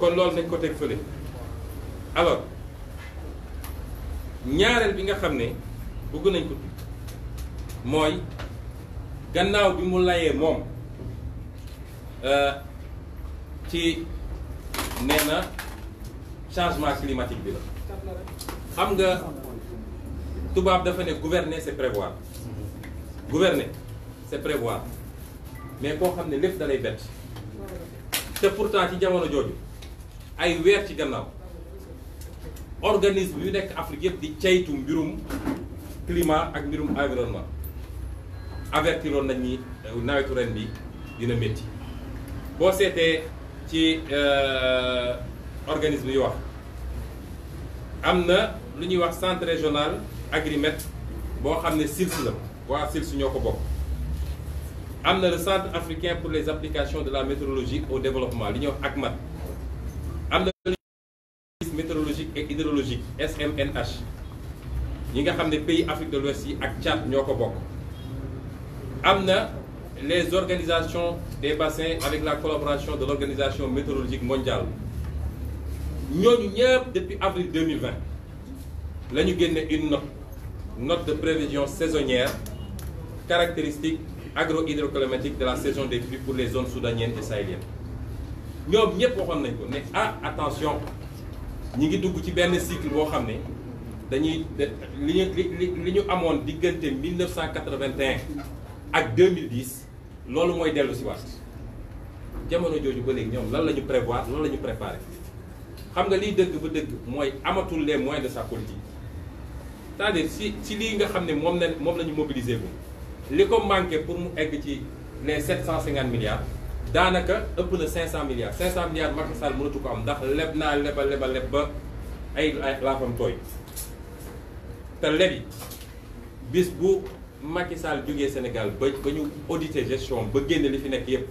kon alors ñaareel bi nga ne nañ ko gannaaw changement climatique bi la xam nga tubaab dafa gouverner c'est prévoir gouverner c'est prévoir mais que nous ne lépp les bêtes, c'est pourtant ci jamono ay weer ci gannaaw organisme yu nekk Afrique yëpp di caytu mbirum climat ak mbirum environnement avertiroon nañ ni euh, nawetu ren bi dina métti boo seetee ci euh, organisme yu wax am na lu ñuy wax centre régional Agrimet boo xam ne SILS la waa SILS ñoo ko bokk am na le centre africain pour les applications de la météorologie au développement li ñuy wax SMNH Nous avons des pays africains de l'Ouest et Tchad ñoo les organisations des bassins avec la collaboration de l'organisation météorologique mondiale Nous avons, depuis avril 2020 la une note de prévision saisonnière caractéristique agro de la saison des pluies pour les zones soudaniennes et sahéliennes Nous avons waxoon nañ ko ah, attention ñi ngi dugg ci benn cycle boo xam ne dañuy li ñu li ñu amoon diggante 1981 ak 2010 loolu mooy dellu si waat jamono jooju ba léegi ñoom lan la ñu prévoir lan la ñu préparé xam nga liy dëgg ba dëgg mooy amatul les moyens de sa politique c'est-à-dire si si lii nga xam ne moom la moom la ñu mobiliser bu li ko manqué pour mu egg ci les 750 milliards. daanaka ëpp na 500 milliards 500 milliards Macky Sall mënatu ko am ndax leb naa leba leba leb ba ay laafam tooy te lebi bis bu Macky Sall jógee Sénégal ba ba ñu auditer gestion ba génne li fi nekk yépp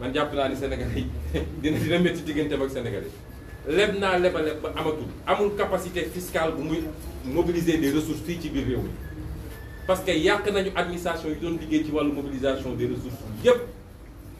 man jàpp naa ni Sénégal yi dina dina métti digganteem ak Sénégal yi leb naa leba leb ba amatul amul capacité fiscale bu muy mobiliser des ressources fii ci biir réew mi parce que yàq nañu administration yi doon liggéey ci wàllu mobilisation de ressources yépp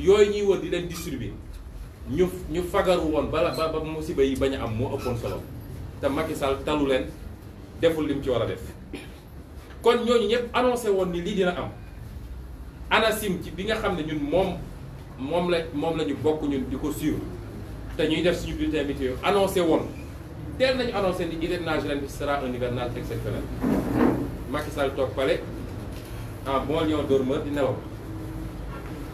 yooyu ñuy wër di leen distribuer ñu ñu fagaru woon bala ba ba musiba yi bañ a am moo ëppoon solo te Macky Sall talu leen deful lim ci war a def kon ñooñu ñëpp annoncé woon ni lii dina am ANACIM ci bi nga xam ne ñun moom moom la moom lañu bokk ñun di ko suivre te ñuy def suñu bulletin météo annoncé woon teel nañu annoncé ni hivernage ren bi sera un hivernage exceptionnel Macky Sall toog pale en bon lion dormeur di nelaw.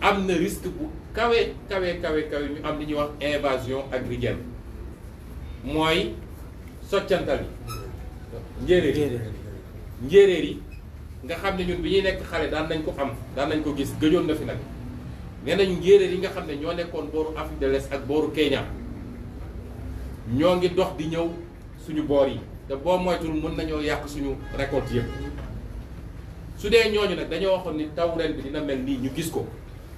am na risque bu kawe kawe kawe kawe ñu am invasion agricole mooy soccantal yi njéeréer nga xam ñun bi ñuy nekk daan nañ ko am daan nañ ko gis gëjoon na fi nag nee ne Afrique de l'Est ak Kenya ñoo ngi dox di ñëw suñu boor yi te boo moytul un nañoo yàq suñu récolte yëpp su dee ñooñu nag dañoo waxoon ni taw bi dina mel nii ñu gis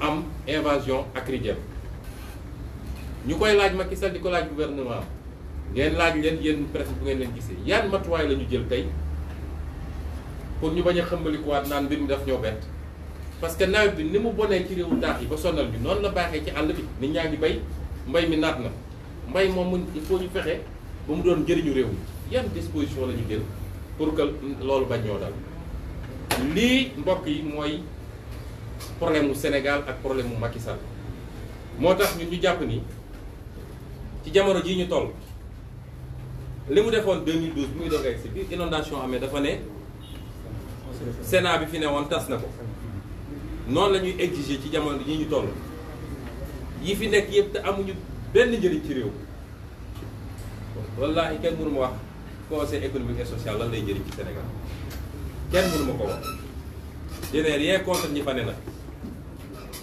avons une invasion acridienne Nous avons laaj que gouvernement nous laaj leen yéen Nous bu que nous avons pour ñu parce que nous, avons ni mu ci réewu que nous ba sonal bi Nous la fait. ci avons bi nit bay mbay il faut ñu fexe ba mu pour que nous bañ ñoo dal problème mu Sénégal ak problème mu Macky Sall moo tax ñu ñu jàpp ni ci jamono jii ñu toll li mu defoon 2012 bi muy doog si biir inondation amee dafa ne Sénat bi fi ne woon tas na ko noonu la ñuy exiger ci jamono jii ñu toll yi fi nekk yëpp te amuñu benn njëriñ ci réew wallaahi kenn mënu ma wax conseil économique et social lan lay njëriñ ci Sénégal kenn mënu ma ko wax je n'ai contre ñi fa ne nag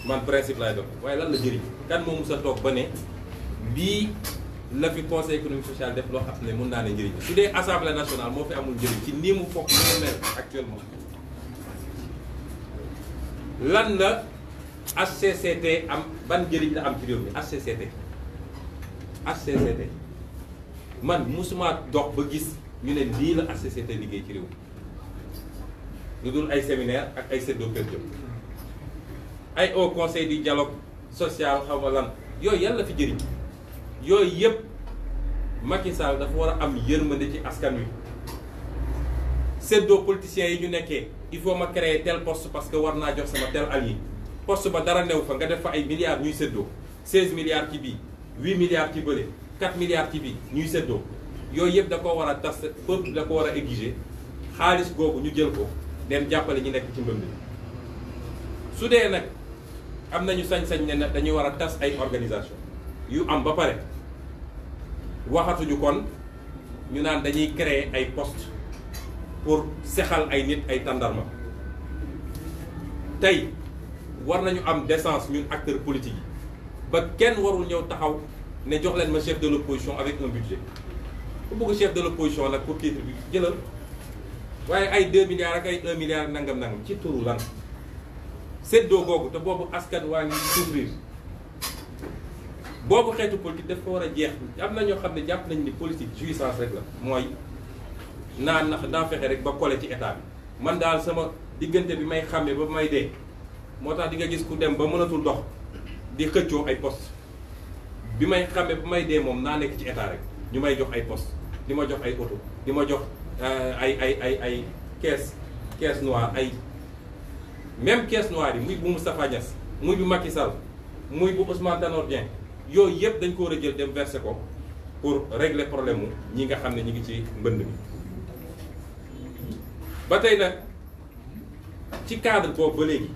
man principe laay dox waaye lan la jëriñ kan moom mës a toog ba ne lii la fi conseil économique social def loo xam ne mën naa ne njëriñ su dee assemblée nationale moo fi amul njëriñ ci nii mu foog mu mel actuellement lan la HCCT am ban njëriñ la am ci réew mi HCCT HCCT man musuma dox ba gis ñu ne lii la HCCT liggéey ci réew mi lu dul ay séminaire ak ay séddoo kër jëm ay au conseil du dialogue social xaw ma lan yooyu yàlla fi jëriñ yooyu yëpp Macky Sall dafa war a am yërmande ci askan wi seddoo politiciens yi ñu nekkee il faut ma créer tel post parce que war naa jox sama tel allié post ba dara new fa nga def fa ay milliards ñuy seddoo 16 milliards ci bii 8 milliards ci bële 4 milliards ci bii ñuy seddoo yooyu yëpp da ko war a tas peuple da ko war a exiger xaalis googu ñu jël ko dem jàppale ñi nekk ci mbënd su dee nag. am nañu sañ-sañ ne nag dañu war a tas ay organisation yu am ba pare waxatuñu kon ñu naan dañuy créer ay poste pour sexal ay nit ay tàndarma tey war nañu am décence ñun acteurs politiques yi ba kenn warul ñëw taxaw ne jox leen ma chef de postion avec un budget ku bëgg chef de l'opposition nag pour titre bi jëlal waaye ay 2 milliards ak ay 1 milliard nangam-nangam ci turu lan séddoo boobu te boobu askan waa ngi souffrir boobu xeetu politique daf ko war a jeex am na ñoo xam ne jàpp nañ ni politique jouissance rek la mooy naa nax naa fexe rek ba kole ci état bi man daal sama diggante bi may xàmme ba may dee moo tax di nga gis ku dem ba mënatul dox di xëccoo ay poste bi may xàmme ba may dee moom naa nekk ci état rek ñu may jox ay post di ma jox ay oto di ma jox euh, ay ay ay ay caisse caisse noire ay même caisse noire yi muy bu Moustapha Niass muy bu Macky Sall muy bu Ousmane Tanor Dieng yooyu yëpp dañ ko war a jël dem verser ko pour régler problème mu ñi nga xam ne ñu ngi ci mbënd mi. ba tey nag ci cadre boobu ba léegi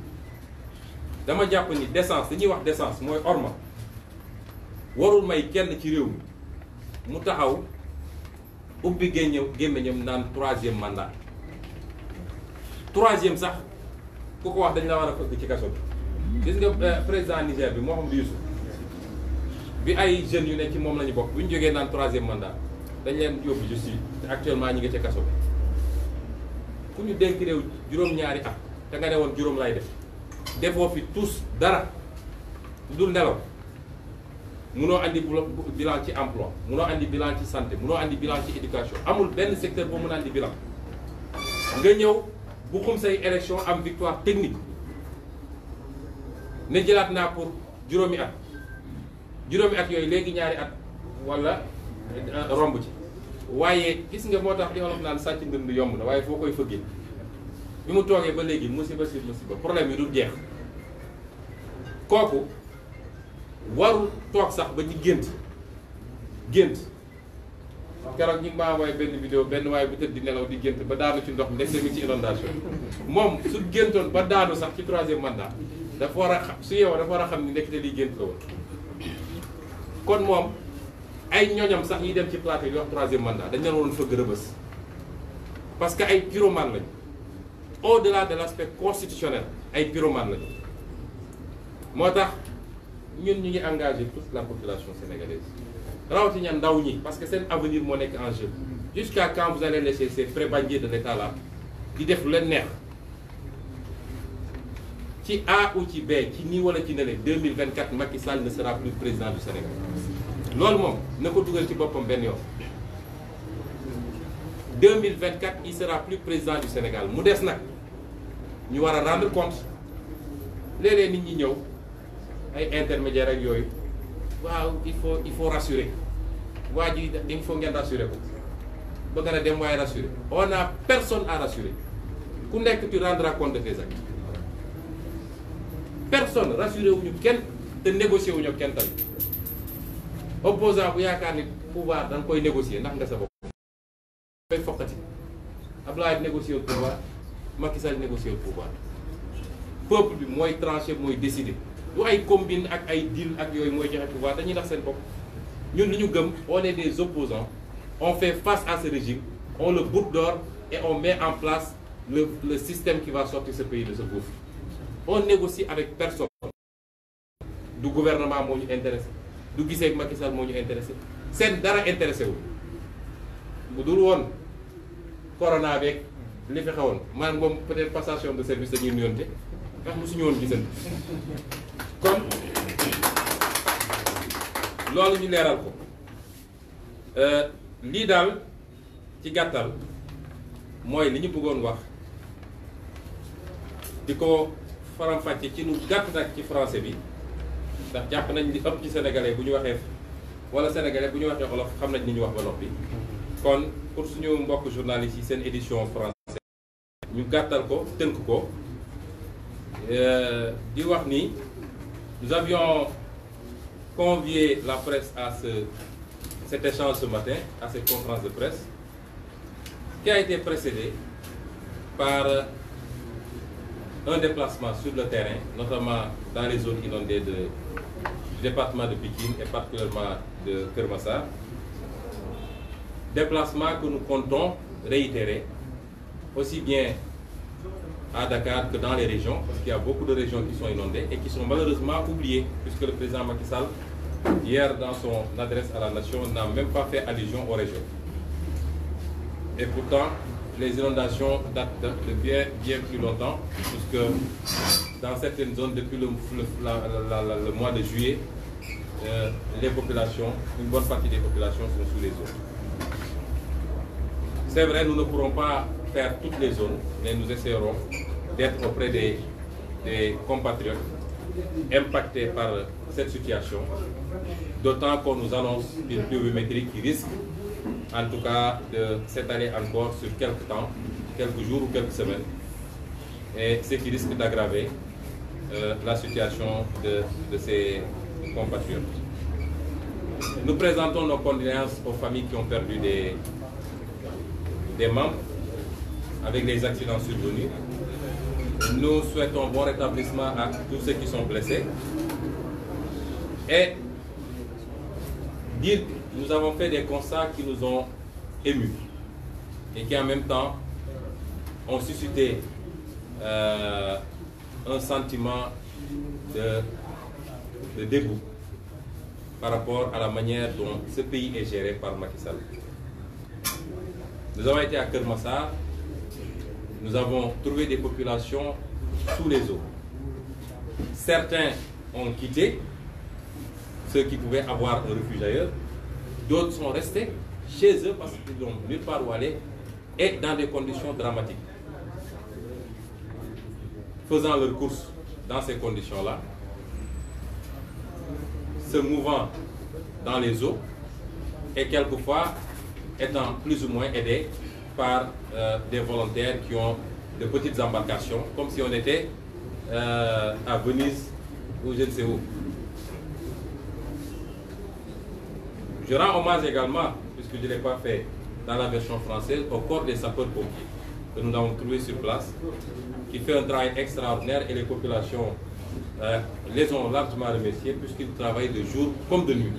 dama jàpp ni décence dañuy wax décence mooy orma warul may kenn ci réew mi mu taxaw ubbi génne gémmiñam naan troisième mandat troisième sax. ku ko wax dañu la war a fëgg ci kaso bi gis nga euh, président Niger bi Mouhamadou Youssouf bi ay jeunes yu ne ci moom la bokk bu ñu jógee naan troisième mandat dañ leen yóbbu justice te actuellement ñu ngi ca kaso bi ku ñu dénk réew juróom-ñaari at te nga ne woon juróom lay def defoo fi tous dara dul nelaw munoo andi bilan ci emploi munoo andi bilan ci santé munoo andi bilan ci éducation amul benn secteur boo mun a andi bilan nga ñëw bu Xumsay élection am victoire technique ne jëlaat naa pour juróomi at juróomi at yooyu léegi ñaari at walla euh, romb ci waaye gis nga moo tax di olof naan sàcc ndënd yomb na waaye foo koy fëggee bi mu toogee ba léegi musiba sur musiba problème yi du jeex kooku warul toog sax ba ci gént gént keroog ñu ngi maa woowee benn vidéo benn waaye bu tëdd di nelaw di gént ba daanu ci ndox mi ndekete mi ci inondation moom su géntoon ba daanu sax ci troisième mandat dafa war a xam su yeewoo dafa war a xam ni ndekete liy gént la woon. kon moom ay ñoñam sax yi dem ci plateau yi wax troisième mandat dañ leen waroon fëgg rëbës parce que ay pyromane lañu au delà de l' aspect constitutionnel ay pyromane lañu moo tax ñun ñu ngi engagé toute la population sénégalaise. parce que c'est l'avenir monétaire en jeu jusqu'à quand vous allez laisser ces prébandiers de l'état là qui défendent le nerf Qui A ou qui B qui n'y wala ci nele 2024 Macky Sall ne sera plus président du Sénégal Normalement, ne ne 2024 il ne sera plus président du Sénégal mu nous allons rendre compte Les les nit sont intermédiaires waaw il faut il faut rassurer waa il faut ngeen rassurer ko ba nga dem waaye rassurer on a personne à rassurer ku nekk tu rendras compte de tes actes personne rassuré wuñu kenn te négocier wuñu kenn tamit opposant bu yaakaar ni pouvoir da koy négocier ndax nga sa bopp fay fokkati Abdoulaye négocier le pouvoir Macky Sall négocier le pouvoir peuple bi mooy tranché mooy décider du ay combine ak ay deal ak yooyu mooy joxe pouvoir dañuy nax seen bopp ñun li gëm on est des opposants on fait face à ce régime on le boucle d'or et on met en place le système qui va sortir ce pays de ce gouffre on négocie avec personne du gouvernement moo ñu intéressé du gouvernement ak Macky Sall moo ñu intéressé C'est dara intéressé wu bu dul woon corona avec les fi xewoon man peut-être passation de service dañuy nuyonte ndax mosuñu woon gisante kon loolu ñu leeral ko euh, lii daal ci gàttal mooy li ñu bëggoon wax di ko faram-fàcce ci lu gàtt nag ci français bi ndax jàpp nañ li ëpp ci sénégalais bu ñu waxee wala sénégalais bu ñu waxee wolof xam nañ ni ñu wax ba bi kon pour suñu mbokk journaliste yi seen édition français ñu gàttal ko tënk ko euh, di wax ni Nous avions convié la presse à ce, cet échange ce matin, à cette conférence de presse, qui a été précédée par un déplacement sur le terrain, notamment dans les zones inondées du département de Pékin et particulièrement de Kermassa. Déplacement que nous comptons réitérer, aussi bien à Dakar que dans les régions, parce qu'il y a beaucoup de régions qui sont inondées et qui sont malheureusement oubliées, puisque le président Macky Sall, hier dans son adresse à la nation, n'a même pas fait allusion aux régions. Et pourtant, les inondations datent de bien, bien plus longtemps, puisque dans certaines zones, depuis le, mois de juillet, euh, les populations, une bonne partie des populations sont sous les eaux. C'est vrai, nous ne pourrons pas faire toutes les zones, mais nous essaierons d'être auprès des, des compatriotes impactés par cette situation, d'autant qu'on nous annonce une pluviométrie qui risque, en tout cas de s'étaler encore, sur quelques temps, quelques jours ou quelques semaines, et ce qui risque d'aggraver euh, la situation de, de ces compatriotes. Nous présentons nos condoléances aux familles qui ont perdu des, des membres avec les accidents survenus. Nous souhaitons bon rétablissement à tous ceux qui sont blessés. Et dire nous avons fait des constats qui nous ont émus et qui en même temps ont suscité euh, un sentiment de, dégoût par rapport à la manière dont ce pays est géré par Macky Nous avons été à Kermassar nous avons trouvé des populations sous les eaux. Certains ont quitté, ceux qui pouvaient avoir un refuge ailleurs. D'autres sont restés chez eux parce qu'ils n'ont nulle part où aller et dans des conditions dramatiques. Faisant leur course dans ces conditions-là, se mouvant dans les eaux et quelquefois étant plus ou moins aidés par euh, des volontaires qui ont de petites embarcations, comme si on était euh, à Venise ou je ne sais où. Je rends hommage également, puisque je ne l'ai pas fait dans la version française, au corps des sapeurs-pompiers que nous avons trouvés sur place, qui fait un travail extraordinaire et les populations euh, les ont largement remerciés puisqu'ils travaillent de jour comme de nuit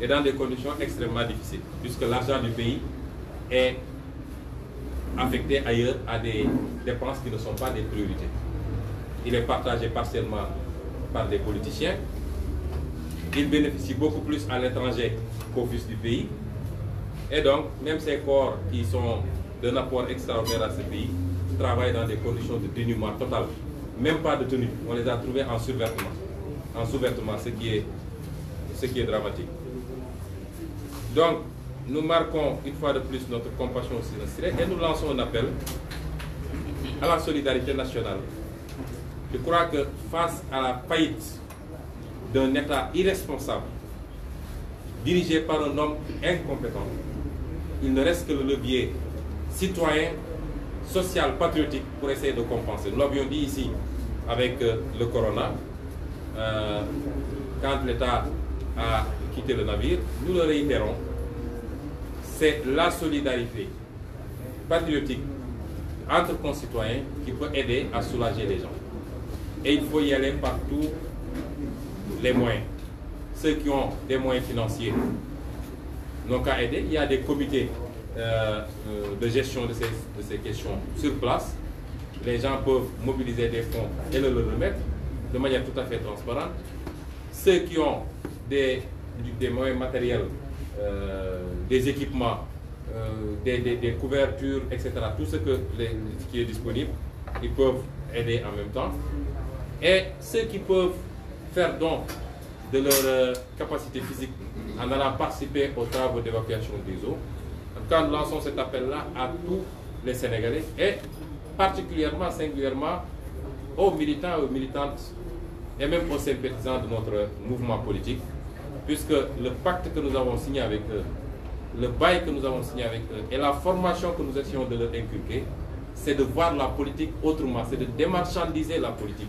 et dans des conditions extrêmement difficiles, puisque l'argent du pays est affecté ailleurs à des dépenses qui ne sont pas des priorités. Il est partagé partiellement par des politiciens. Il bénéficie beaucoup plus à l'étranger qu'au fils du pays. Et donc, même ces corps qui sont d'un apport extraordinaire à ce pays travaillent dans des conditions de dénuement total, même pas de tenue. On les a trouvés en survêtement, en sous ce qui est, ce qui est dramatique. Donc, nous marquons une fois de plus notre compassion silencieuse et nous lançons un appel à la solidarité nationale. Je crois que face à la faillite d'un État irresponsable, dirigé par un homme incompétent, il ne reste que le levier citoyen, social, patriotique pour essayer de compenser. Nous l'avions dit ici avec euh, le corona, euh, quand l'État a quitté le navire, nous le réitérons c'est la solidarité patriotique entre concitoyens qui peut aider à soulager les gens. Et il faut y aller partout les moyens. Ceux qui ont des moyens financiers n'ont qu'à aider. Il y a des comités euh, euh, de gestion de ces, de ces questions sur place. Les gens peuvent mobiliser des fonds et le, remettre de manière tout à fait transparente. Ceux qui ont des, moyens matériels euh, des équipements, euh, des, couvertures, etc. Tout ce, que les, qui est disponible, ils peuvent aider en même temps. Et ceux qui peuvent faire don de leur euh, capacité physique en allant participer aux travaux d'évacuation des eaux. En lançons cet appel-là à tous les Sénégalais et particulièrement, singulièrement, aux militants et aux militantes et même aux sympathisants de notre mouvement politique, puisque le pacte que nous avons signé avec eux le bail que nous avons signé avec eux et la formation que nous essayons de leur inculquer, c'est de voir la politique autrement, c'est de démarchandiser la politique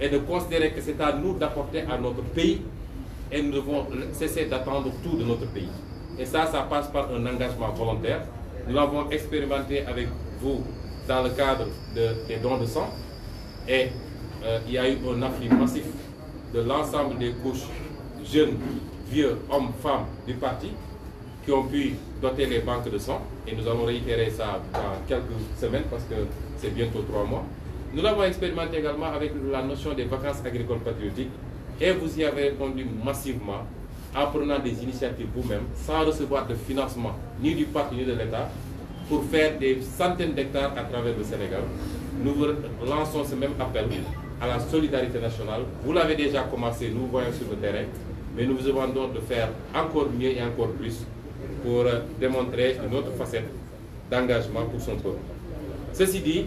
et de considérer que c'est à nous d'apporter à notre pays et nous devons cesser d'attendre tout de notre pays. Et ça, ça passe par un engagement volontaire. Nous l'avons expérimenté avec vous dans le cadre des dons de sang et euh, il y a eu un afflux massif de l'ensemble des couches, jeunes, vieux, hommes, femmes du parti qui ont pu doter les banques de sang, et nous allons réitérer ça dans quelques semaines parce que c'est bientôt trois mois. Nous l'avons expérimenté également avec la notion des vacances agricoles patriotiques, et vous y avez répondu massivement en prenant des initiatives vous-même, sans recevoir de financement ni du parc ni de l'État, pour faire des centaines d'hectares à travers le Sénégal. Nous lançons ce même appel à la solidarité nationale. Vous l'avez déjà commencé, nous voyons sur le terrain, mais nous vous demandons de faire encore mieux et encore plus pour démontrer une autre facette d'engagement pour son peuple. Ceci dit,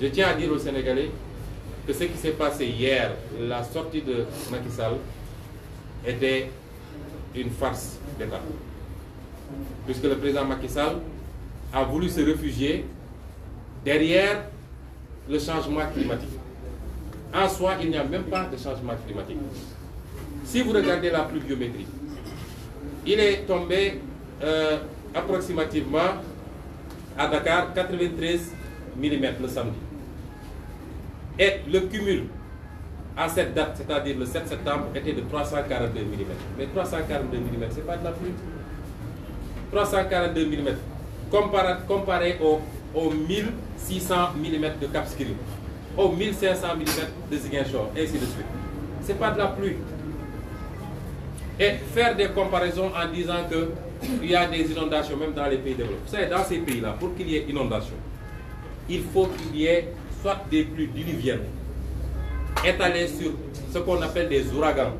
je tiens à dire aux Sénégalais que ce qui s'est passé hier, la sortie de Macky Sall, était une farce d'État. Puisque le président Macky Sall a voulu se réfugier derrière le changement climatique. En soi, il n'y a même pas de changement climatique. Si vous regardez la pluviométrie, il est tombé euh, approximativement à Dakar 93 mm le samedi. Et le cumul à cette date, c'est-à-dire le 7 septembre, était de 342 mm. Mais 342 mm, ce n'est pas de la pluie. 342 mm, comparé, comparé aux, 1600 mm de Cap aux 1500 mm de Ziguinchor, ainsi de suite. Ce n'est pas de la pluie. Et faire des comparaisons en disant que il y a des inondations même dans les pays développés. Vous savez, dans ces pays-là, pour qu'il y ait inondation, il faut qu'il y ait soit des pluies diluviennes étalées sur ce qu'on appelle des ouragans,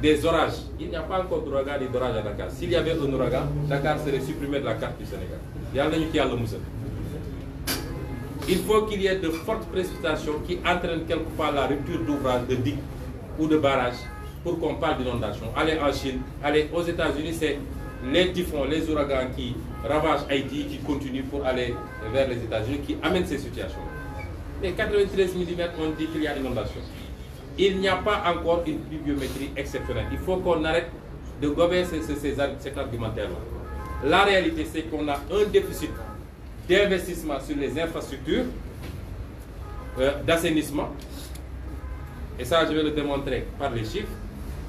des orages. Il n'y a pas encore d'ouragan et d'orage à Dakar. S'il y avait un ouragan, Dakar serait supprimé de la carte du Sénégal. Il y a le Il faut qu'il y ait de fortes précipitations qui entraînent part la rupture d'ouvrage, de digues ou de barrages pour qu'on parle d'inondation. Allez en Chine, allez aux États-Unis, c'est les typhons, les ouragans qui ravagent Haïti, qui continuent pour aller vers les États-Unis, qui amènent ces situations. Mais 93 mm, on dit qu'il y a inondation. Il n'y a pas encore une pluviométrie exceptionnelle. Il faut qu'on arrête de gober ces, ces, là La réalité, c'est qu'on a un déficit d'investissement sur les infrastructures, euh, d'assainissement, et ça je vais le démontrer par les chiffres,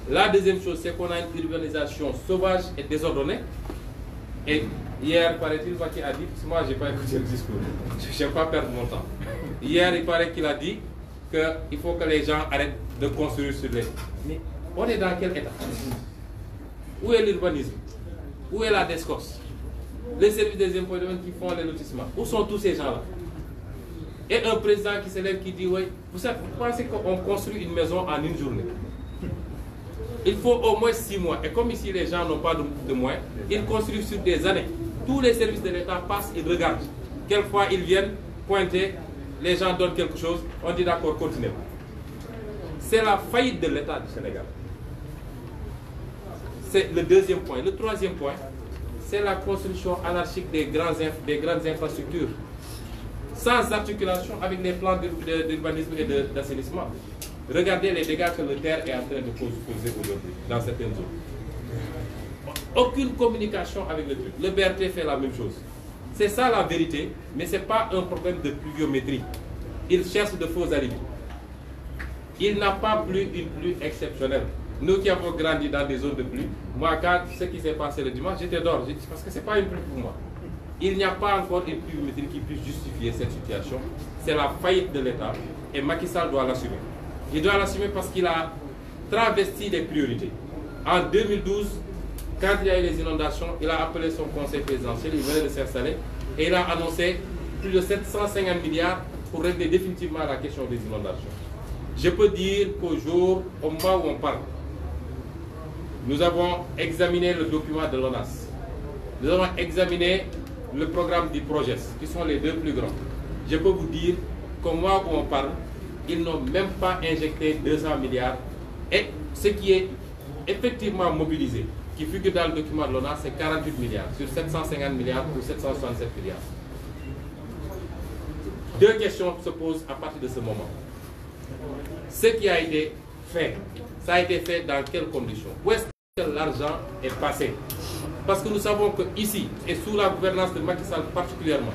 la deuxième chose, c'est qu'on a une urbanisation sauvage et désordonnée. Et hier, paraît-il, qui a dit, moi, je n'ai pas écouté le discours, je vais pas perdre mon temps. Hier, il paraît qu'il a dit qu'il faut que les gens arrêtent de construire sur les... Mais on est dans quel état Où est l'urbanisme Où est la DESCOS Les services des impôts qui font les lotissements Où sont tous ces gens-là Et un président qui s'élève qui dit, oui, vous savez, vous pensez qu'on construit une maison en une journée il faut au moins six mois. Et comme ici les gens n'ont pas de, moyens, ils construisent sur des années. Tous les services de l'État passent, ils regardent. Quelquefois, ils viennent pointer, les gens donnent quelque chose, on dit d'accord, continuez. C'est la faillite de l'État du Sénégal. C'est le deuxième point. Le troisième point, c'est la construction anarchique des, grands, des grandes infrastructures, sans articulation avec les plans d'urbanisme et d'assainissement. Regardez les dégâts que le terre est en train de causer aujourd'hui dans certaines zones. Aucune communication avec le truc. Le BRT fait la même chose. C'est ça la vérité, mais ce n'est pas un problème de pluviométrie. Il cherche de faux alibis. Il n'a pas plu une pluie exceptionnelle. Nous qui avons grandi dans des zones de pluie, moi, quand ce qui s'est passé le dimanche, j'étais dehors, parce que ce n'est pas une pluie pour moi. Il n'y a pas encore une pluviométrie qui puisse justifier cette situation. C'est la faillite de l'État et Macky Sall doit l'assumer. Il doit l'assumer parce qu'il a travesti les priorités. En 2012, quand il y a eu les inondations, il a appelé son conseil présidentiel, il venait de s'installer, et il a annoncé plus de 750 milliards pour régler définitivement la question des inondations. Je peux dire qu'au jour, au moment où on parle, nous avons examiné le document de l'ONAS. Nous avons examiné le programme du projet, qui sont les deux plus grands. Je peux vous dire qu'au moment où on parle, ils n'ont même pas injecté 200 milliards. Et ce qui est effectivement mobilisé, qui figure dans le document de l'ONA, c'est 48 milliards sur 750 milliards ou 767 milliards. Deux questions se posent à partir de ce moment. Ce qui a été fait, ça a été fait dans quelles conditions Où est-ce que l'argent est passé Parce que nous savons que ici, et sous la gouvernance de Macky particulièrement,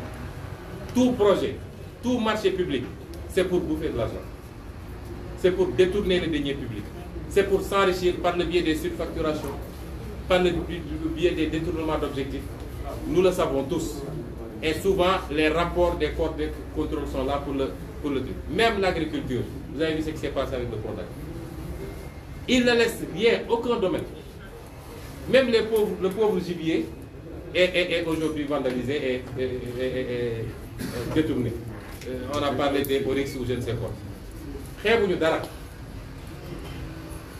tout projet, tout marché public c'est pour bouffer de l'argent. C'est pour détourner les deniers publics. C'est pour s'enrichir par le biais des surfacturations, par le biais des détournements d'objectifs. Nous le savons tous. Et souvent, les rapports des corps de contrôle sont là pour le, pour le Même l'agriculture, vous avez vu ce qui s'est passé avec le contact. Il ne laisse rien, aucun domaine. Même les pauvres, le pauvre gibier est, aujourd'hui vandalisé et détourné. Euh, on a parlé des Borix ou je ne sais quoi. dara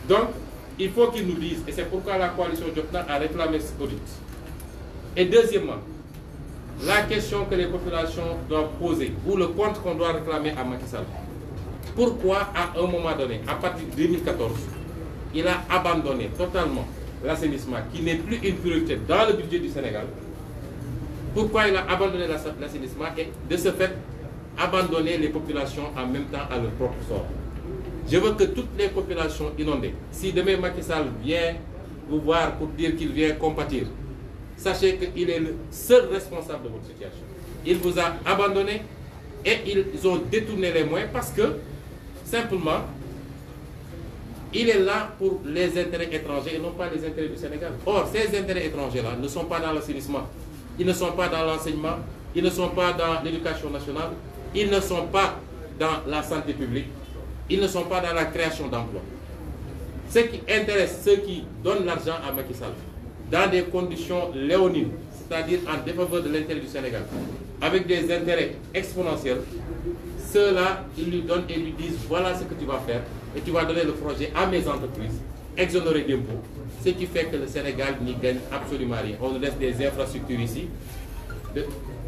donc il faut qu'ils nous disent et c'est pourquoi la coalition Jopna a réclamé ce audit et deuxièmement la question que les populations doivent poser ou le compte qu'on doit réclamer à Macky Sall pourquoi à un moment donné à partir de 2014 il a abandonné totalement l'assainissement qui n'est plus une priorité dans le budget du Sénégal pourquoi il a abandonné l'assainissement et de ce fait abandonner les populations en même temps à leur propre sort. Je veux que toutes les populations inondées, si demain Macky Sall vient vous voir pour dire qu'il vient compatir, sachez qu'il est le seul responsable de votre situation. Il vous a abandonné et ils ont détourné les moyens parce que, simplement, il est là pour les intérêts étrangers et non pas les intérêts du Sénégal. Or, ces intérêts étrangers-là ne sont pas dans l'assainissement, ils ne sont pas dans l'enseignement, ils ne sont pas dans l'éducation nationale, ils ne sont pas dans la santé publique, ils ne sont pas dans la création d'emplois. Ce qui intéresse ceux qui donnent l'argent à Macky Sall, dans des conditions léonines, c'est-à-dire en défaveur de l'intérêt du Sénégal, avec des intérêts exponentiels, ceux-là, ils lui donnent et lui disent voilà ce que tu vas faire et tu vas donner le projet à mes entreprises, exonérer d'impôts, ce qui fait que le Sénégal n'y gagne absolument rien. On laisse des infrastructures ici, de,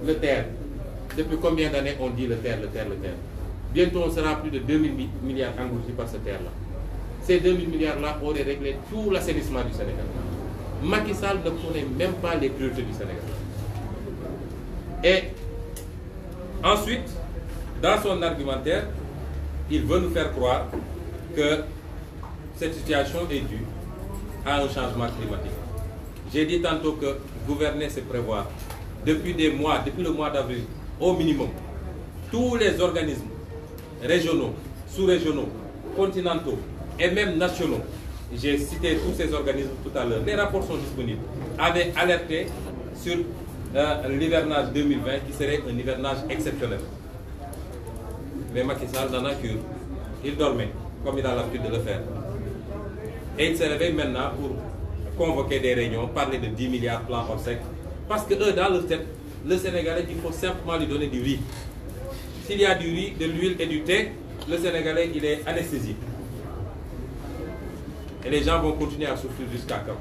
le terre, depuis combien d'années on dit le terre, le terre, le terre Bientôt, on sera plus de 2000 milliards engloutis par ce terre-là. Ces 2000 milliards-là auraient réglé tout l'assainissement du Sénégal. Macky Sall ne connaît même pas les priorités du Sénégal. Et ensuite, dans son argumentaire, il veut nous faire croire que cette situation est due à un changement climatique. J'ai dit tantôt que gouverner, c'est prévoir. Depuis des mois, depuis le mois d'avril, au minimum, tous les organismes régionaux, sous-régionaux, continentaux et même nationaux, j'ai cité tous ces organismes tout à l'heure, les rapports sont disponibles, avaient alerté sur euh, l'hivernage 2020 qui serait un hivernage exceptionnel. Mais Macky Sall cure. Il dormait, comme il a l'habitude de le faire. Et il se réveille maintenant pour convoquer des réunions, parler de 10 milliards de plans sec, Parce que eux, dans leur tête, le Sénégalais, il faut simplement lui donner du riz. S'il y a du riz, de l'huile et du thé, le Sénégalais, il est anesthésié. Et les gens vont continuer à souffrir jusqu'à quand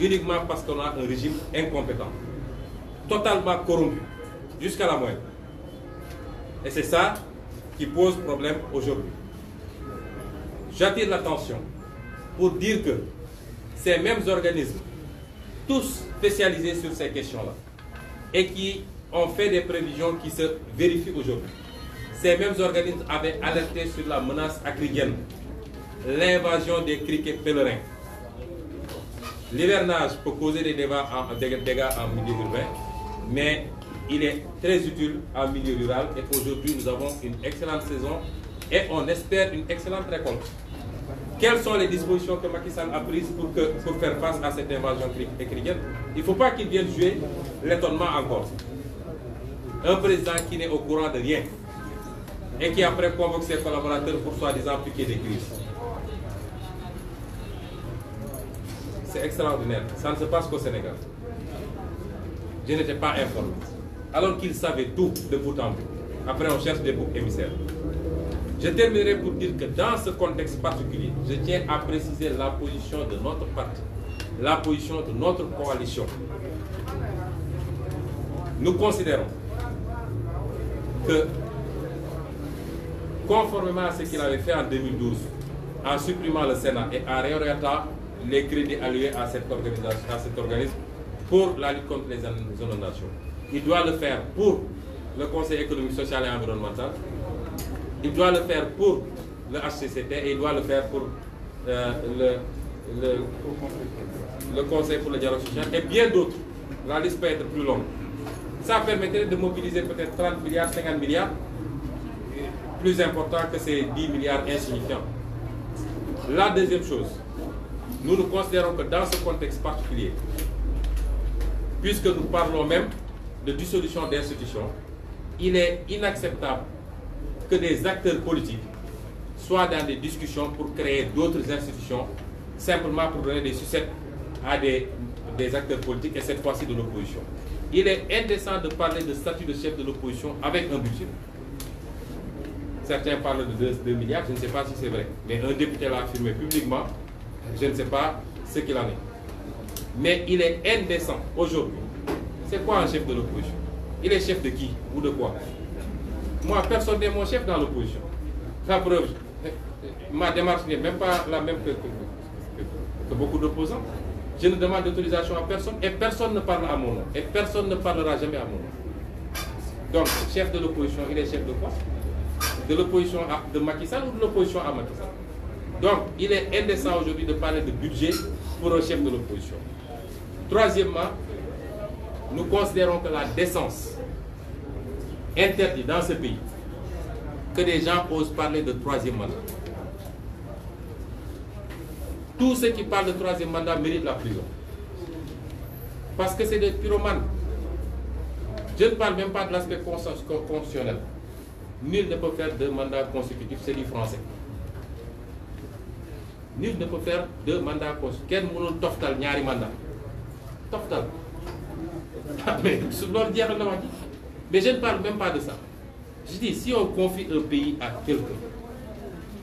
Uniquement parce qu'on a un régime incompétent, totalement corrompu, jusqu'à la moelle. Et c'est ça qui pose problème aujourd'hui. J'attire l'attention pour dire que ces mêmes organismes, tous spécialisés sur ces questions-là, et qui ont fait des prévisions qui se vérifient aujourd'hui. Ces mêmes organismes avaient alerté sur la menace agricole, l'invasion des criquets pèlerins. L'hivernage peut causer des dégâts en milieu urbain, mais il est très utile en milieu rural et aujourd'hui nous avons une excellente saison et on espère une excellente récolte. Quelles sont les dispositions que Macky Sall a prises pour, que, pour faire face à cette invasion écrivaine Il ne faut pas qu'il vienne jouer l'étonnement encore. Un président qui n'est au courant de rien et qui après convoque ses collaborateurs pour soi-disant piquer des crises. C'est extraordinaire. Ça ne se passe qu'au Sénégal. Je n'étais pas informé. Alors qu'il savait tout de bout en bout. Après, on cherche des boucs émissaires. Je terminerai pour dire que dans ce contexte particulier, je tiens à préciser la position de notre parti, la position de notre coalition. Nous considérons que, conformément à ce qu'il avait fait en 2012, en supprimant le Sénat et en réorientant les crédits alloués à, cette organisation, à cet organisme pour la lutte contre les inondations, il doit le faire pour le Conseil économique, social et environnemental, il doit le faire pour le HCCT et il doit le faire pour euh, le, le, Conseil pour le dialogue social et bien d'autres. La liste peut être plus longue. Ça permettrait de mobiliser peut-être 30 milliards, 50 milliards, plus important que ces 10 milliards insignifiants. La deuxième chose, nous nous considérons que dans ce contexte particulier, puisque nous parlons même de dissolution d'institutions, il est inacceptable que des acteurs politiques soient dans des discussions pour créer d'autres institutions, simplement pour donner des sucettes à des, acteurs politiques, et cette fois-ci de l'opposition. Il est indécent de parler de statut de chef de l'opposition avec un budget. Certains parlent de 2 milliards, je ne sais pas si c'est vrai, mais un député l'a affirmé publiquement, je ne sais pas ce qu'il en est. Mais il est indécent aujourd'hui. C'est quoi un chef de l'opposition Il est chef de qui ou de quoi moi, personne n'est mon chef dans l'opposition. La preuve, ma démarche n'est même pas la même que, beaucoup d'opposants. Je ne demande d'autorisation à personne et personne ne parle à mon nom. Et personne ne parlera jamais à mon nom. Donc, chef de l'opposition, il est chef de quoi De l'opposition de Macky Sall ou de l'opposition à Macky Sall Donc, il est indécent aujourd'hui de parler de budget pour un chef de l'opposition. Troisièmement, nous considérons que la décence interdit dans ce pays que des gens osent parler de troisième mandat. Tous ceux qui parlent de troisième mandat méritent la prison. Parce que c'est des pyromanes. Je ne parle même pas de l'aspect constitutionnel. Nul ne peut faire deux mandats consécutifs, c'est du français. Nul ne peut faire deux mandats consécutifs. Quel monde toftal, un mandat Toftal. Mais, sur mais je ne parle même pas de ça. Je dis, si on confie un pays à quelqu'un,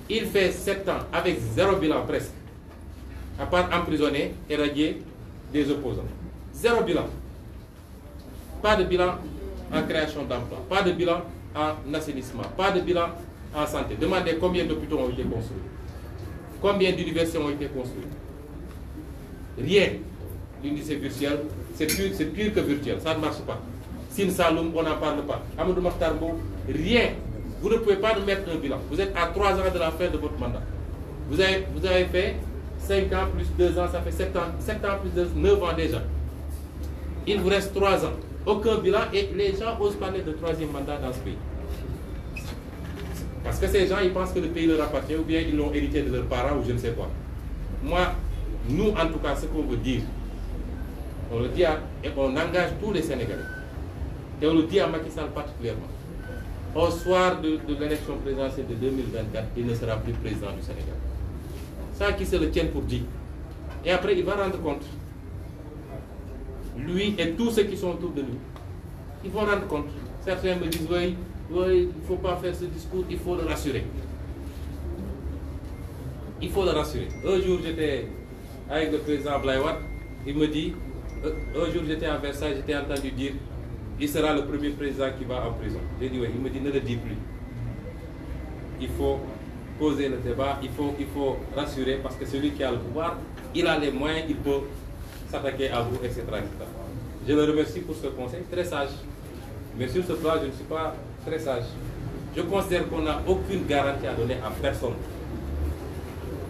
il fait sept ans avec zéro bilan presque, à part emprisonner et radier des opposants. Zéro bilan. Pas de bilan en création d'emplois, pas de bilan en assainissement, pas de bilan en santé. Demandez combien d'hôpitaux ont été construits, combien d'universités ont été construites. Rien. L'université virtuelle, c'est pire, pire que virtuel, ça ne marche pas. Saloum, on n'en parle pas. Amadou rien. Vous ne pouvez pas nous mettre un bilan. Vous êtes à trois ans de la fin de votre mandat. Vous avez, vous avez fait cinq ans plus deux ans, ça fait sept ans. Sept ans plus 2, 9 ans déjà. Il vous reste trois ans. Aucun bilan et les gens osent parler de troisième mandat dans ce pays. Parce que ces gens, ils pensent que le pays leur appartient ou bien ils l'ont hérité de leurs parents ou je ne sais quoi. Moi, nous en tout cas, ce qu'on veut dire, on le dit et on engage tous les Sénégalais. Et on le dit à Macky Sall particulièrement. Au soir de, l'élection présidentielle de 2024, il ne sera plus président du Sénégal. Ça qui se le tienne pour dit. Et après, il va rendre compte. Lui et tous ceux qui sont autour de lui. Ils vont rendre compte. Certains me disent, oui, il ne faut pas faire ce discours, il faut le rassurer. Il faut le rassurer. Un jour, j'étais avec le président Blaywat, il me dit, euh, un jour j'étais à Versailles, j'étais entendu dire, il sera le premier président qui va en prison. J'ai dit, oui, il me dit, ne le dis plus. Il faut poser le débat, il faut, il faut rassurer, parce que celui qui a le pouvoir, il a les moyens, il peut s'attaquer à vous, etc., Je le remercie pour ce conseil, très sage. Mais sur ce point, je ne suis pas très sage. Je considère qu'on n'a aucune garantie à donner à personne.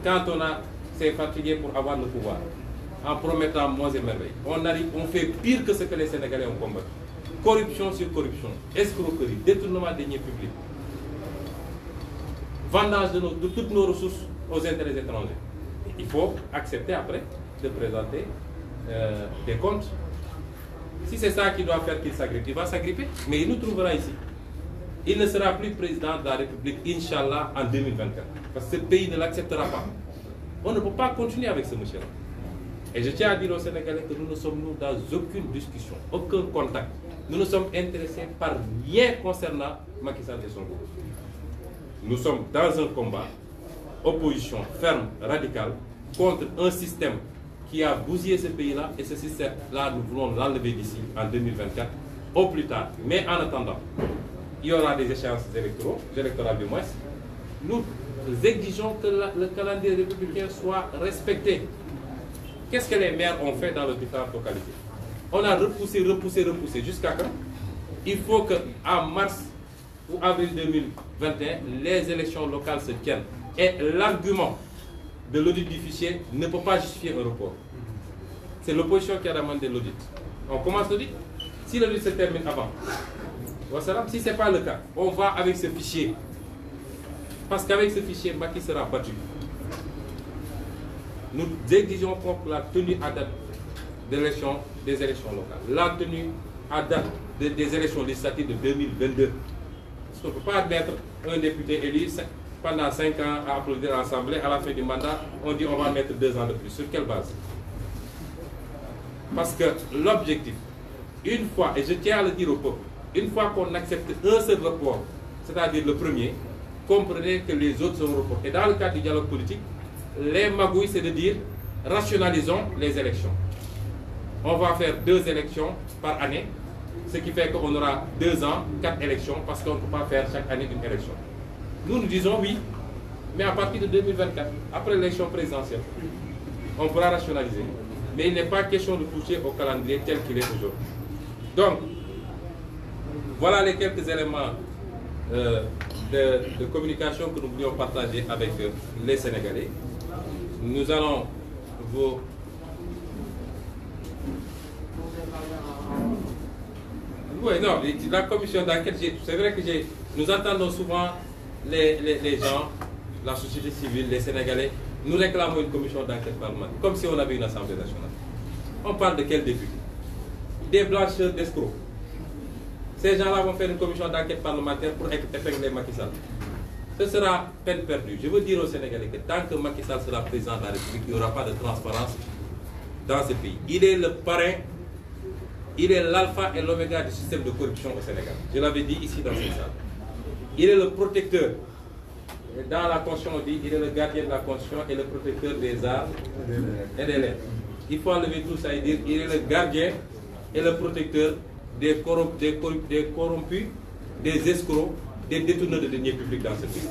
Quand on a s'est fatigué pour avoir le pouvoir, en promettant moins et merveilles, on fait pire que ce que les Sénégalais ont combattu corruption sur corruption, escroquerie, détournement des deniers publics, vendage de, toutes nos ressources aux intérêts étrangers. Il faut accepter après de présenter euh, des comptes. Si c'est ça qui doit faire qu'il s'agrippe, il va s'agripper, mais il nous trouvera ici. Il ne sera plus président de la République, Inch'Allah, en 2024. Parce que ce pays ne l'acceptera pas. On ne peut pas continuer avec ce monsieur-là. Et je tiens à dire aux Sénégalais que nous ne sommes nous dans aucune discussion, aucun contact nous ne sommes intéressés par rien concernant Macky Sall et son Nous sommes dans un combat, opposition ferme, radicale, contre un système qui a bousillé ce pays-là et ce système-là, nous voulons l'enlever d'ici en 2024, au plus tard. Mais en attendant, il y aura des échéances électorales du moins. Nous exigeons que le calendrier républicain soit respecté. Qu'est-ce que les maires ont fait dans l'hôpital différentes localités on a repoussé, repoussé, repoussé. Jusqu'à quand Il faut qu'en mars ou avril 2021, les élections locales se tiennent. Et l'argument de l'audit du fichier ne peut pas justifier un report. C'est l'opposition qui a demandé l'audit. On commence l'audit. Si l'audit se termine avant, si ce n'est pas le cas, on va avec ce fichier. Parce qu'avec ce fichier, Baki sera battu. Nous exigeons contre la tenue à date élections des élections locales, la tenue à date des élections législatives de 2022. Parce qu'on ne peut pas admettre un député élu pendant 5 ans à applaudir l'Assemblée, à la fin du mandat, on dit on va mettre 2 ans de plus. Sur quelle base Parce que l'objectif, une fois, et je tiens à le dire au peuple, une fois qu'on accepte un seul report, c'est-à-dire le premier, comprenez que les autres sont reportés. Et dans le cadre du dialogue politique, les magouilles, c'est de dire rationalisons les élections on va faire deux élections par année, ce qui fait qu'on aura deux ans, quatre élections, parce qu'on ne peut pas faire chaque année une élection. Nous, nous disons oui, mais à partir de 2024, après l'élection présidentielle, on pourra rationaliser. Mais il n'est pas question de toucher au calendrier tel qu'il est aujourd'hui. Donc, voilà les quelques éléments euh, de, communication que nous voulions partager avec les Sénégalais. Nous allons vous Oui, non, la commission d'enquête, c'est vrai que nous entendons souvent les, gens, la société civile, les Sénégalais, nous réclamons une commission d'enquête parlementaire, comme si on avait une assemblée nationale. On parle de quel député Des blancheurs d'escrocs. Ces gens-là vont faire une commission d'enquête parlementaire pour épingler Macky Sall. Ce sera peine perdue. Je veux dire aux Sénégalais que tant que Macky Sall sera président de la République, il n'y aura pas de transparence dans ce pays. Il est le parrain il est l'alpha et l'oméga du système de corruption au Sénégal. Je l'avais dit ici dans cette salle. Il est le protecteur. Dans la Constitution, on dit il est le gardien de la Constitution et le protecteur des arts et des lettres. Il faut enlever tout ça et dire il est le gardien et le protecteur des, corrompus, des escrocs, des détourneurs de deniers publics dans ce pays.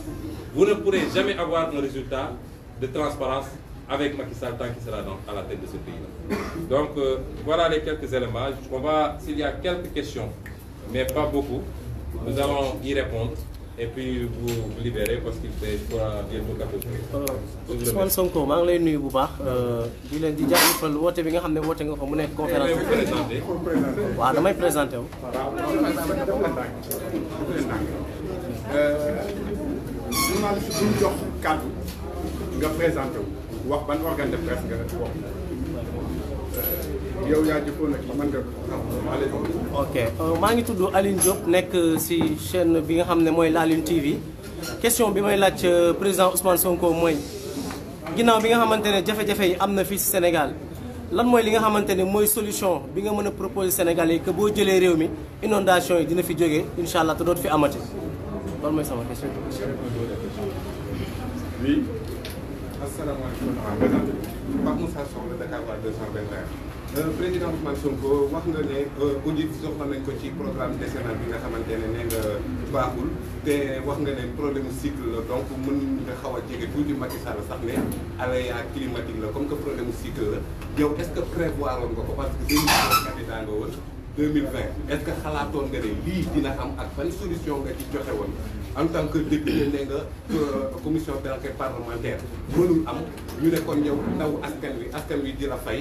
Vous ne pourrez jamais avoir un résultat de transparence avec Macky Sall tant qu'il sera dans, à la tête de ce pays-là. Donc euh, voilà les quelques éléments. On va, s'il y a quelques questions, mais pas beaucoup, nous allons y répondre et puis vous libérer parce qu'il fait euh, je crois bientôt café prix. Ousmane Sonko maa ngi lay nuyu bu baax euh, di leen di jaajëfal vous bi nga xam ne nga ko mu nekk eh, conférence. je damay présenté wu. Je bu ñu jox Je nga présenté wax ban wax euh, yow yaa jëkkoon nga euh, maa ngi tudd Aline Diop nekk euh, si chaîne bi nga xam ne mooy Laalune TV question bi may laaj président Ousmane Sonko mooy ginnaaw bi nga xamante ne jafe-jafe yi am na fii si Sénégal lan mooy li nga xamante ne mooy solution bi nga mën a proposer sénégal yi que boo jëlee réew mi inondation yi dina fi jógee incha allah te doot fi amati asalaamaaleykum wa rahmatulah. Pape Moussa Sow la Dakar waa 221. Euh, président Ousmane Sonko wax nga ne euh, audit soxla nañ ko ci programme décennal bi nga xamante ne nee nga baaxul te wax nga ne problème cycle la donc mën nga xaw a jege tuuti Macky Sall sax ne aléa climatique la comme que problème cycle la yow est-ce que prévoir nga ko parce que seen i candidat nga woon. 2020 est-ce que xalaatoon nga ne lii dina xam ak ban solution nga ci joxe woon en tant que député ne nga euh, commission d'enquête parlementaire mënul am ñu ne kon yow ndaw askan wi askan wi di la fay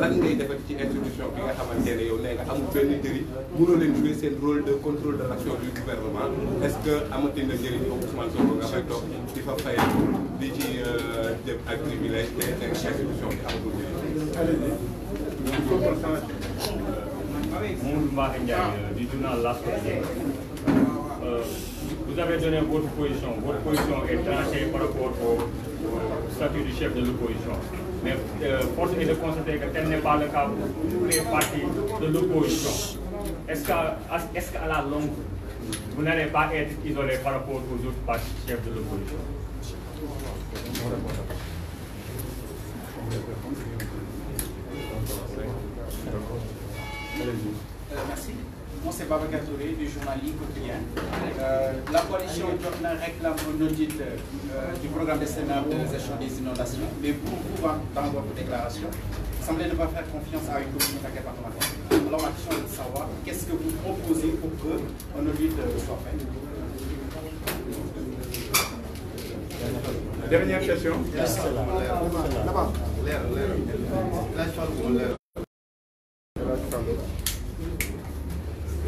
lan ngay defar ci institution bi nga xamantene yow ne nga amul benn njëriñ mënoo leen jouer sen rôle de contrôle de l'action du gouvernement est-ce que amati na njëriñ yow Ousmane Sonko nga fay toog di fa fay di ci jëm euh, ak privilège te ne institution bi amatul njëriñ euh, euh, vous avez donné votre position. Votre position est tranchée par rapport au statut du chef de l'opposition. Mais euh, force est de constater que tel n'est pas le cas pour tous les partis de l'opposition. Est-ce qu'à la longue, vous n'allez pas être isolé par rapport aux autres partis chefs de l'opposition euh, merci. Moi, c'est Babacar Touré du journaliste Quotidien. Euh, la coalition de réclame un audit euh, du programme de scénario des inondations, mais pour vous, dans votre déclaration, semblez ne pas faire confiance à une commission départementale. Alors, ma question est de savoir qu'est-ce que vous proposez pour que un audit soit fait Dernière question.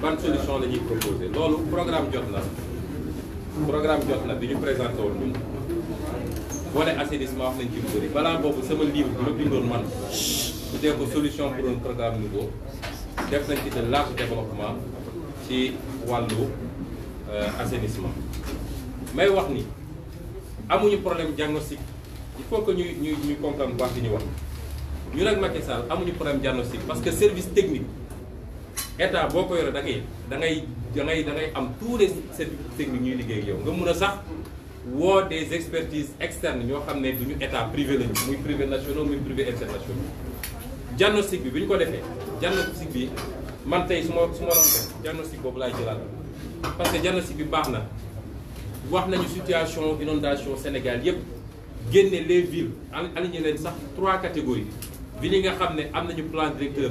ban solution la ñuy proposé le programme jot le programme jot na bi présenté woon ñun volet assainissement wax nañ ci lu bëri balaa boobu sama livre bu ma bindoon man tuddee ko solution pour un programme nouveau def nañ ci de large développement ci euh, assainissement may wax ni amuñu problème diagnostic il faut que ñu ñu ñu comprendre baax ñu wax ñu nak Macky amuñu problème diagnostic parce que service technique état boo ko yore da ngay da ngay da ngay da ngay am tous les services techniques ñuy liggéey yow nga mëna sax wo des expertises externes ño xamné duñu état privé lañu muy privé national muy privé international. diagnostic bi buñ ko défé diagnostic bi man tay suma suma su def diagnostic bobu laay jëlaat parce que diagnostic bi baxna wax nañu situation inondation Sénégal yépp génné les villes aligné leen sax trois catégories villes yi nga xamné am nañu plan directeur.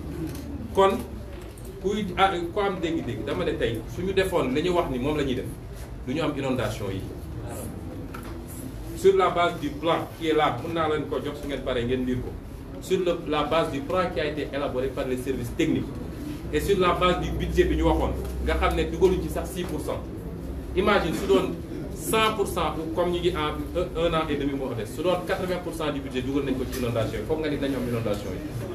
kon kuy ah, ku am dégg-dégg dama ne tey suñu defoon li ñu wax ni moom la ñuy def du ñu am inondation yi sur la base du plan qui est là mën naa leen ko jox su ngeen paree ngeen lire ko sur le la base du plan qui a été élaboré par les services techniques et sur la base du budget bi ñu waxoon nga xam ne dugaluñ ci sax 6 pour cent imagine su doon 100 pour cent ou comme ñu ngi en un an et demi moo des su doon 80 pour cent du budget dugal nañ ko ci inondation yi foog nga ni dañu am inondation yi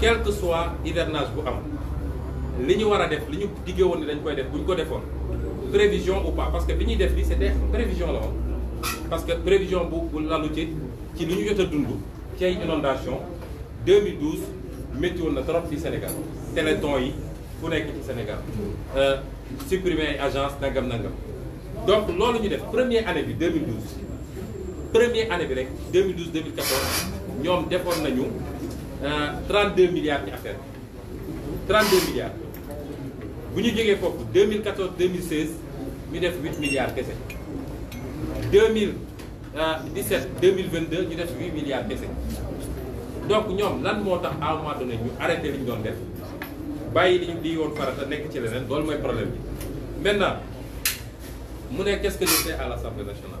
quel que soit l'hivernage bu am li ce a def diggé dañ koy prévision ou pas parce que les ñuy def li c'était prévision là, parce que prévision bu bu lalu ci ci inondation 2012 météo dans le trop Sénégal téléthon yi Sénégal euh, supprimer l'agence agence nangam nangam donc loolu ñu def première année 2012 première année 2012 2014 nous avons nañu 32 euh, milliards de 32 milliards vous ñu que 2014 2016 nous def 8 milliards 2017 2022 ñu def 8 milliards euh, donc nous avons arrêté tax à un donné ñu arrêté les doon def problème maintenant qu'est-ce que je fais à l'Assemblée nationale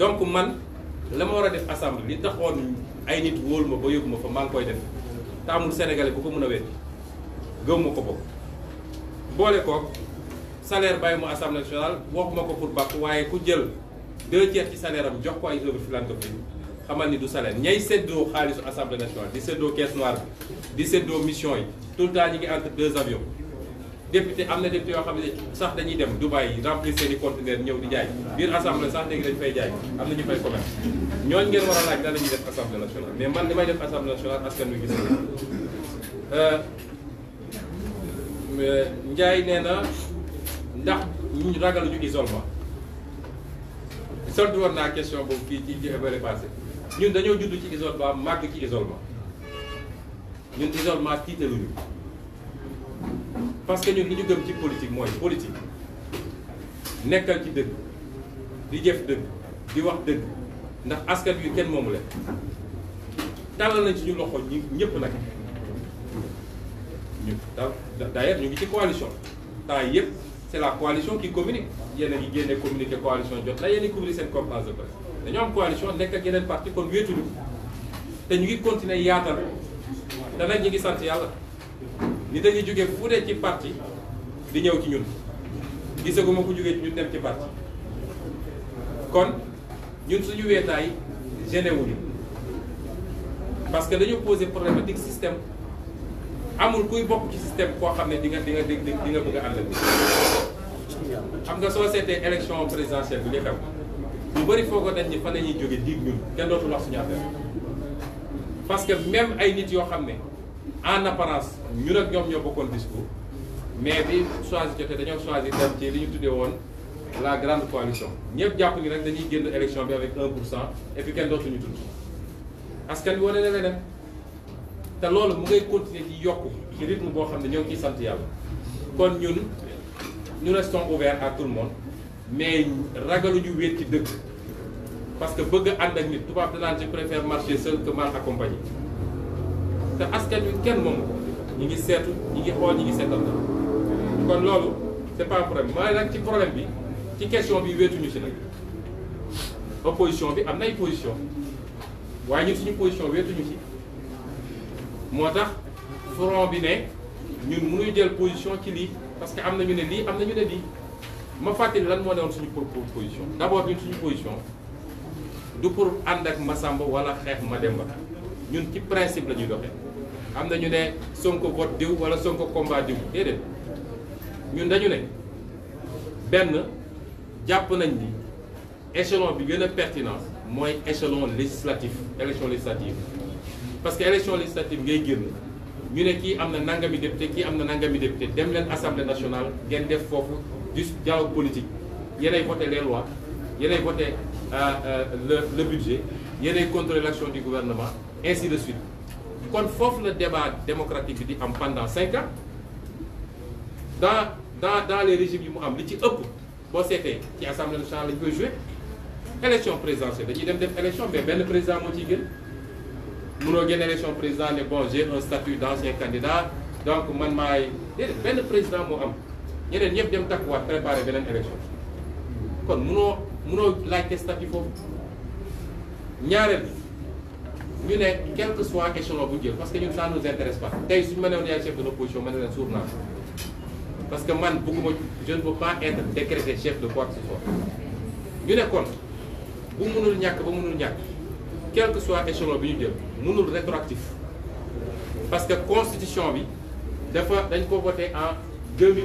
donc man la ma war a def assemblée li taxoon ay nit wóolu ma ba yóbbu ma fa maa ngi koy def te amul sénégalais bu ko mën a wér gëw ma ko bokk boole kook salaire bàyyi mu assemblée nationale waxuma ko pour bàkk waaye ku jël deux tiers ci salaire jox ko ay œuvres philanthropiques xamal ni du salaire ñay séddoo xaalisu assemblée nationale di séddoo caisse noire bi di séddoo mission yi tout le temps ñi ngi entre deux avions député am na député yoo xam ne sax dañuy dem Dubaï remplir seen i conteneur ñëw di jaay biir assemblée sax léegi dañ fay jaay am na ñu fay commerce ñooñu ngeen war a laaj lan la ñuy def assemblée nationale mais man li may def assemblée nationale askan wi gis euh, euh, Ndiaye nee na ndax ñu ragaluñu isolement soltu woon naa question boobu fii ci bële passé ñun dañoo judd ci isolement màgg ci isolement ñun isolement tiitaluñu parce que nous sommes ñu ci politique moy politique nekkal ci dëgg di di wax ndax kenn nañ ci ñu loxo d'ailleurs ñu ngi coalition c'est la coalition qui communique yéen a ngi coalition jot la yéen couvrir de Nous coalition ak parti kon nous te ñu ngi continuer yaatal te nag ngi ni dañuy jóge fu ne ci parti di ñëw ci ñun gisaguma ku jógee ci ñun dem ci parti kon ñun suñu weetaay gêné wuñu parce que dañoo problème problématique système amul kuy bokk ci système koo xam ne di nga di nga di nga bëgg a xam nga soo seetee élection présidentielle bi li xew lu bëri foo ko dañ fan la ñuy jóge diig ñun kenn dootul wax suñu affaire parce que même ay nit yoo xam ne en apparence nous avons beaucoup ñoo discours mais bi avons choisi la grande coalition Nous avons ni rek avec 1 et puis kenn nous tudd askan que nous sommes leneen te loolu mu ngay continuer Nous ci rythme ñoo nous nous, nous, restons ouverts à tout le monde mais nous avons nous parce que nous je préfère marcher seul que mal accompagné te askan wi kenn ngi ngi ngi c'est pas problème ci problème bi ci question bi opposition bi am nay position waaye a suñu position wéetuñu bi ne ñun jël position ci parce que am ñu ne ñu ma lan a suñu position d'abord a une position du pour ànd ak Massamba wala xeex ñun ci principe am na né ne Sonko vote diw wala Sonko combat diw déedéet ñun dañu né ben, japp nañ ni échelon bi gëna pertinent mooy échelon législatif élection législative parce que élection législative ngay génn ñu né ki amna nangami député ki amna nangami député dem len assemblée nationale gën def fofu du dialogue politique yéenay voter les lois yéenay voté euh, euh, le le budget yéenay contrôler l'action du gouvernement ainsi de suite kon force le débat démocratique di pendant cinq ans dans dans dans les régimes yi mu am li ci c'était, qui seetee ci assemblée nationale peut jouer. élection présidentielle y dem des élection mais le président moo Nous avons mënoo élection président bon j'ai un statut d'ancien candidat donc man maay ben le président a am ñeneen ñëpp dem takkuwaat préparer beneen élection kon nous mënoo laajte statut foofu ñaareel ñu quel que soit échelon vous dire parce que nous ça nous intéresse pas tey suñu ma le chef de l'opposition je suis leen parce que moi, beaucoup je ne veux pas être décrété chef de quoi que ce soit Vous ne kon bu mënul ñàkk ba mënul dire. quel que soit échelon bi ñu Nous mënul rétroactif parce que constitution des fois, dañ ko voté en 2001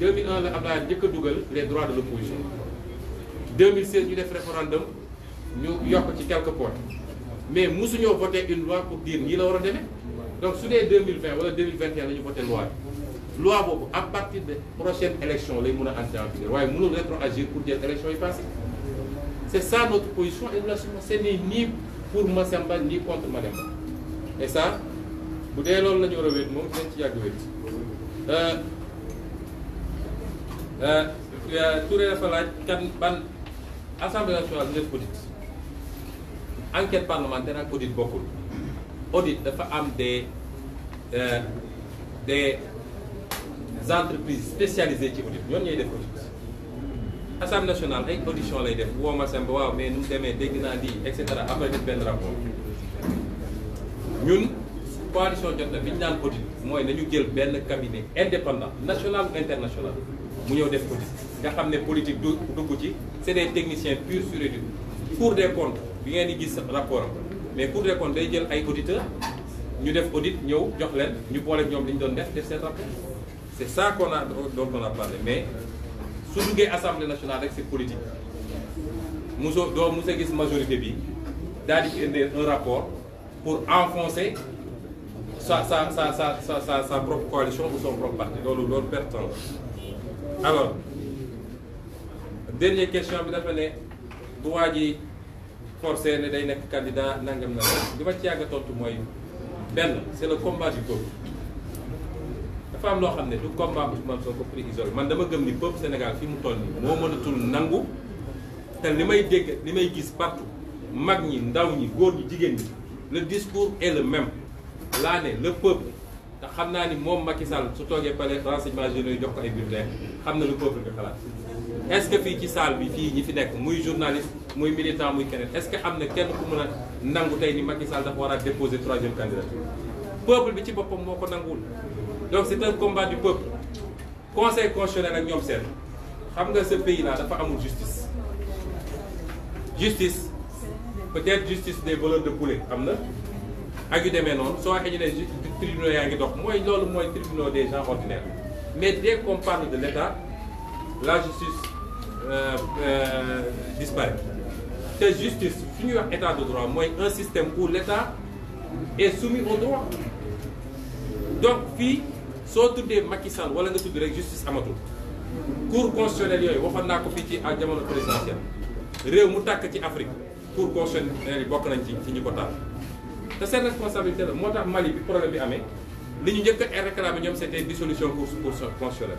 2001 on Abdoulaye njëkk que les droits de l'opposition 2016 ñu def référendum ñu yokk ci quelques points mais nous, avons voté une loi pour dire qu'il la war donc sous le 2020 wala 2021 nous avons voté une loi loi pour à partir de prochaine élection les gens a entrer en vigueur pour dire que l'élection est passée. C'est ça notre position et nous l'assumons ce n'est ni pour Massamba ni contre Mademba et ça bu dee loolu la ñu war a wéet ci euh, euh, Touré nationale enquête parlementaire ak audit beaucoup audit dafa am des euh, des entreprises spécialisées qui audit Nous avons des audits. L'Assemblée nationale ay audition lay def On a des mais nous mu demee dégg On a des après la coalition jot na des ñu audit mooy nañu cabinet indépendant national ou international Nous avons des audit nga xam ne politique du c'est des techniciens purs sur durs Pour des comptes bien ngeen di rapport mais pour des comptes day jël ay auditeurs ñu def audit ñëw jox leen ñu avons ñoom li rapport c'est ça qu'on a dont on a parlé mais vous avez assemblée nationale avec c'est politique nous avons mos a majorité bi un rapport pour enfoncer sa sa sa sa sa sa sa propre coalition ou son propre parti alors dernière question bi dafa vous donner forcé ne day nek candidat nangam na li ma ci yàgg tontu moy benn c'est le combat du peuple dafa am lo xamné du combat Ousmane Sonko pris isolé man dama gëm ni peuple Sénégal fi mu tolni mo moo mënatul nangu te li may dégg li gis partout mag ñi ndaw ñi góor ñi jigéen ñi le discours est le même lané le peuple te xam ni moom Macky Sall su toogee palais renseignement généraux jox ko ay bulletins xamna na le peuple nga xalaat est-ce que fii ci salle bi fi ñi fi nek muy journaliste muy militant muy keneen est-ce que amna na kenn ku mëna nangu tay ni Macky Sall dafa war déposer troisième candidature peuple bi ci bopam moko nangul donc c'est un combat du peuple conseil constitutionnel ak ñom seen xam nga ce pays là dafa amul justice justice peut-être justice des voleurs de poulet amna Aigu ak yu demee noonu soo waxee ñu ne tribunaux yaa ngi dox moy lolu moy tribunaux des gens ordinaires mais dès qu'on parle de l'État la justice euh, euh, disparaît. C'est justice finir wax état de droit mooy un système où l'état est soumis au droit donc fii soo des Macky Sall wala nga de rek justice amateur. cour constitutionnelle il waxoon naa ko à ci ak jamono présidentielle réew mu tàkk ci Afrique cour constitutionnelle yi bokk nañ ci ci ñu ko taal te responsabilité Moi, moo Mali bi problème bi amé, li ñu njëkk a réclamé c'était c'était dissolution cour constitutionnelle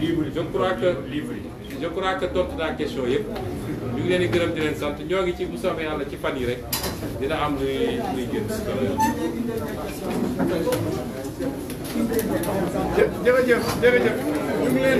livre je crois que livre je crois que tontu naa question yëpp ñu ngi leen di gërëm sant ñoo ngi ci bu soobee ci fan yi rek dina am luy luy gën jërëjëf jërëjëf ñu ngi leen